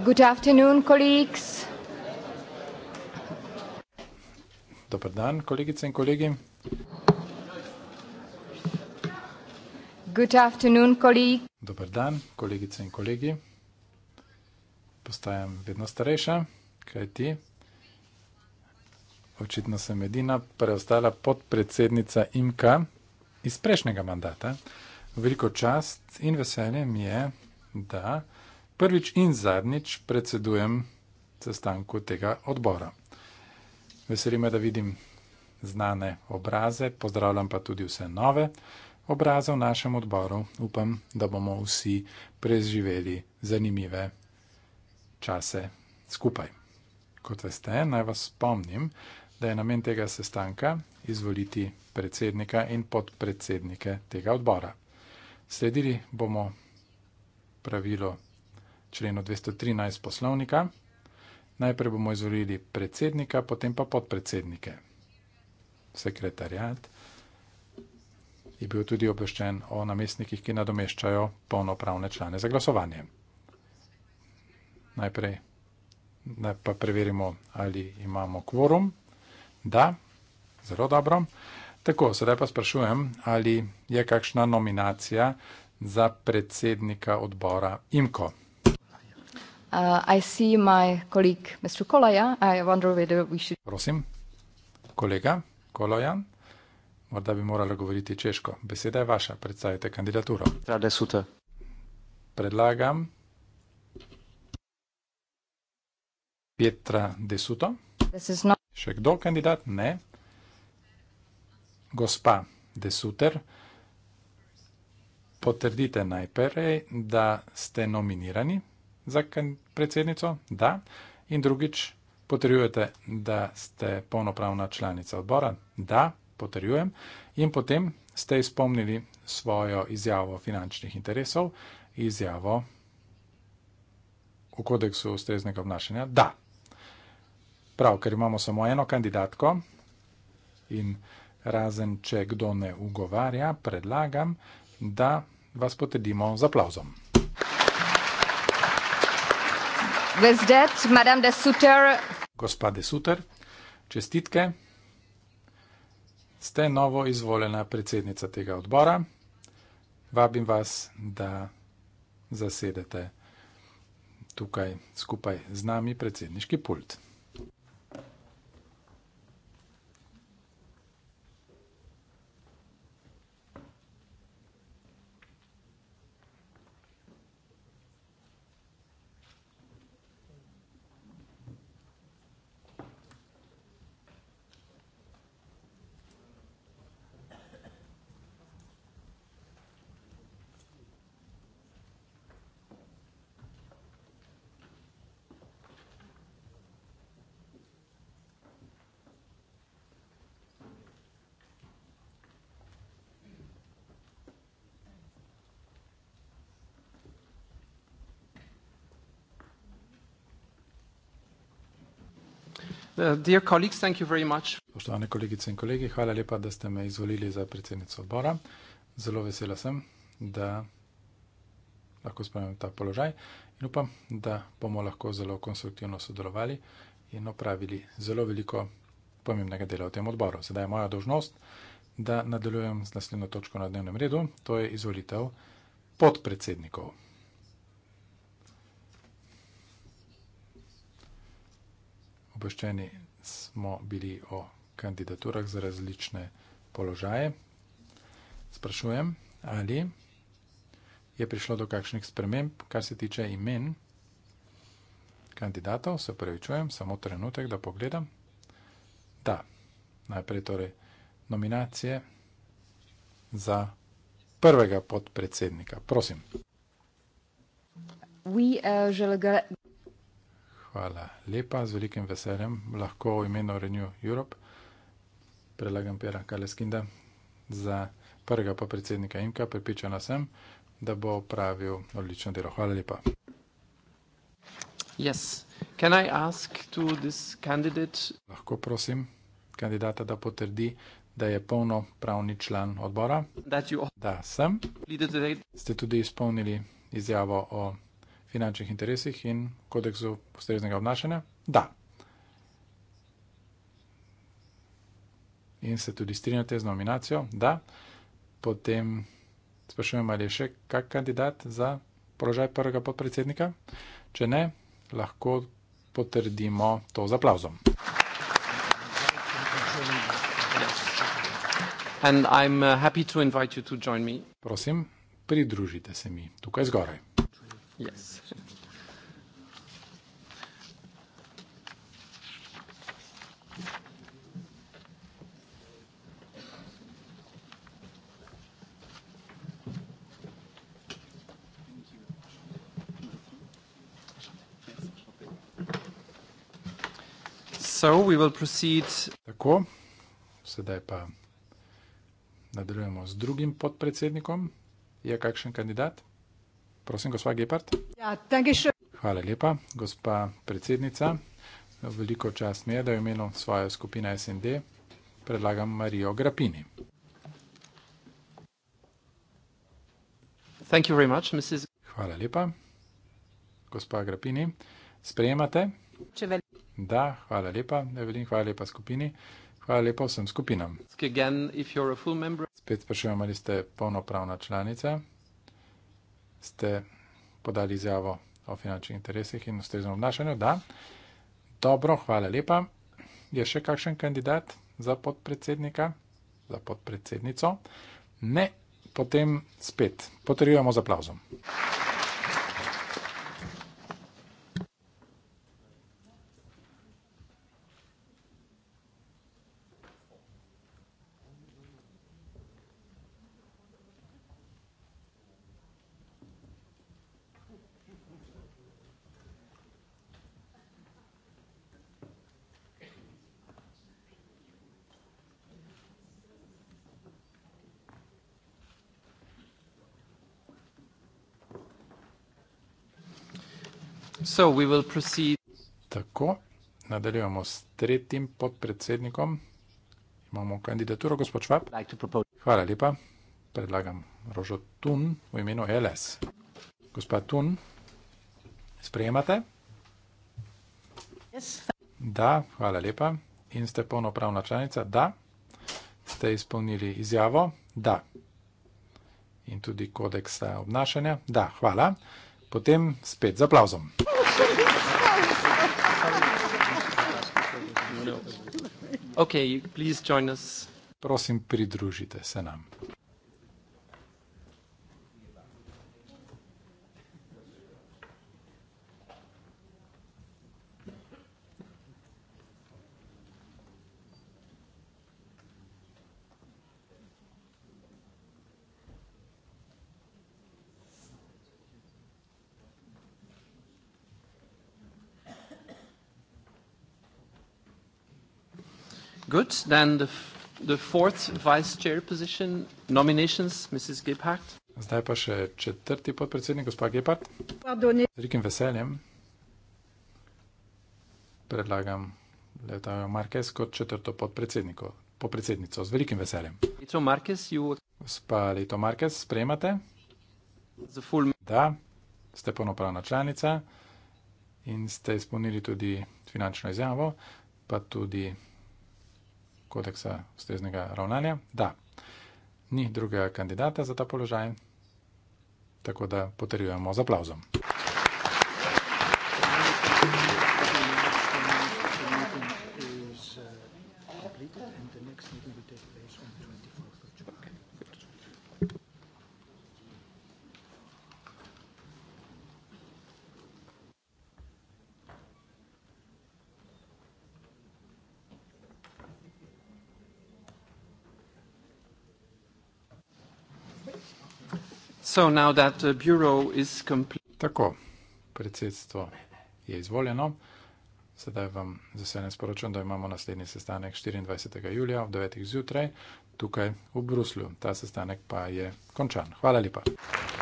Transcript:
Good afternoon, colleagues. Dobar dan, kolegice in kolegi. Good afternoon, colleague. Dobar dan, kolegice in kolegi. Postajam vedno starejša, kaj ti? Očitno sem edina preostala podpredsednica IMKA iz prejšnjega mandata. Veliko čast in veselje mi je, da prvič in zadnjič predsedujem sestanku tega odbora. Veseli me, da vidim znane obraze, pozdravljam pa tudi vse nove obraze v našem odboru. Upam, da bomo vsi preživeli zanimive čase skupaj. Kot veste, naj vas spomnim, da je namen tega sestanka izvoliti predsednika in podpredsednike tega odbora. Sledili bomo pravilo členu 213 poslovnika. Najprej bomo izvolili predsednika, potem pa podpredsednike. Sekretarjat je bil tudi obveščen o namestnikih, ki nadomeščajo polnopravne člane za glasovanje. Najprej pa preverimo, ali imamo kvorum. Da, zelo dobro. Tako, sedaj pa sprašujem, ali je kakšna nominacija za predsednika odbora IMKO. Uh, I see my colleague, Mr. Koloja. I wonder whether we should. Prosim, kolega Kolojan, morda bi morala govoriti češko. Beseda je vaša, predstavite kandidaturo. Rade sute. Predlagam Petra Desuto. Not... Še kdo kandidat? Ne. Gospa Desuter, potrdite najprej, da ste nominirani za predsednico, da, in drugič potrjujete, da ste polnopravna članica odbora, da, potrjujem, in potem ste izpomnili svojo izjavo finančnih interesov, izjavo v kodeksu ustreznega obnašanja, da. Prav, ker imamo samo eno kandidatko in razen, če kdo ne ugovarja, predlagam, da vas potedimo z aplauzom. Vezdet, madame de Suter. Gospa de Suter, čestitke. Ste novo izvoljena predsednica tega odbora. Vabim vas, da zasedete tukaj skupaj z nami predsedniški pult. Uh, Spoštovane kolegice in kolegi, hvala lepa, da ste me izvolili za predsednico odbora. Zelo vesela sem, da lahko spremem ta položaj in upam, da bomo lahko zelo konstruktivno sodelovali in opravili zelo veliko pomembnega dela v tem odboru. Sedaj je moja dožnost, da nadaljujem z naslednjo točko na dnevnem redu, to je izvolitev podpredsednikov. Boščeni smo bili o kandidaturah za različne položaje. Sprašujem, ali je prišlo do kakšnih sprememb, kar se tiče imen kandidatov. Se pravi, čujem, samo trenutek, da pogledam. Da, najprej torej nominacije za prvega podpredsednika. Prosim. We, uh, Hvala lepa, z velikim veseljem. Lahko v imenu Renew Europe predlagam Pera Kaleskinda za prvega podpredsednika IMKA. Pripričana sem, da bo opravil odlično delo. Hvala lepa. Yes. Can I ask to this candidate? Lahko prosim kandidata, da potrdi, da je polnopravni član odbora. That you... Da sem. Ste tudi izpolnili izjavo o finančnih interesih in kodeksu ustreznega obnašanja? Da. In se tudi strinjate z nominacijo? Da. Potem sprašujem, ali je še kak kandidat za položaj prvega podpredsednika? Če ne, lahko potrdimo to z aplauzom. Uh, Prosim, pridružite se mi tukaj zgoraj. Yes. Tako, sedaj pa nadaljujemo z drugim podpredsednikom. Je kakšen kandidat? Prosim, gospa Gepard. Ja, Hvala lepa, gospa predsednica. Veliko čast mi je, da je imelo svojo skupino SND. Predlagam Marijo Grapini. Much, Mrs... Hvala lepa, gospa Grapini. Sprejemate? Da, hvala lepa, Evelin, hvala lepa skupini, hvala lepa vsem skupinam. Again, member... Spet sprašujem, ali ste polnopravna članica ste podali izjavo o finančnih interesih in ustreznem obnašanju. Da, dobro, hvala lepa. Je še kakšen kandidat za podpredsednika, za podpredsednico? Ne, potem spet potrjujemo z aplauzom. So we will proceed. Tako, nadaljujemo s tretjim podpredsednikom. Imamo kandidaturo, gospod Švab. Hvala lepa. Predlagam Rožo Tun v imenu LS. Gospa Tun, sprejemate? Yes. Da, hvala lepa. In ste polnopravna članica? Da. Ste izpolnili izjavo? Da. In tudi kodeksa obnašanja? Da, hvala potem spet za aplauzom. Okay, Prosim, pridružite se nam. Good. Then the, the fourth vice chair position nominations, Mrs. Gebhardt. Zdaj pa še četrti podpredsednik, gospod Gepard. Z velikim veseljem predlagam Letajo Marquez kot četrto podpredsednico. Z velikim veseljem. Leto Marquez, you... Gospa Leto Marquez, sprejmate? Full... Da, ste ponopravna članica in ste izpolnili tudi finančno izjavo, pa tudi kodeksa ustreznega ravnanja, da ni drugega kandidata za ta položaj, tako da potrjujemo z aplauzom. Uh, Tako, predsedstvo je izvoljeno. Sedaj vam za vse ne sporočam, da imamo naslednji sestanek 24. julija ob 9. zjutraj tukaj v Bruslju. Ta sestanek pa je končan. Hvala lepa.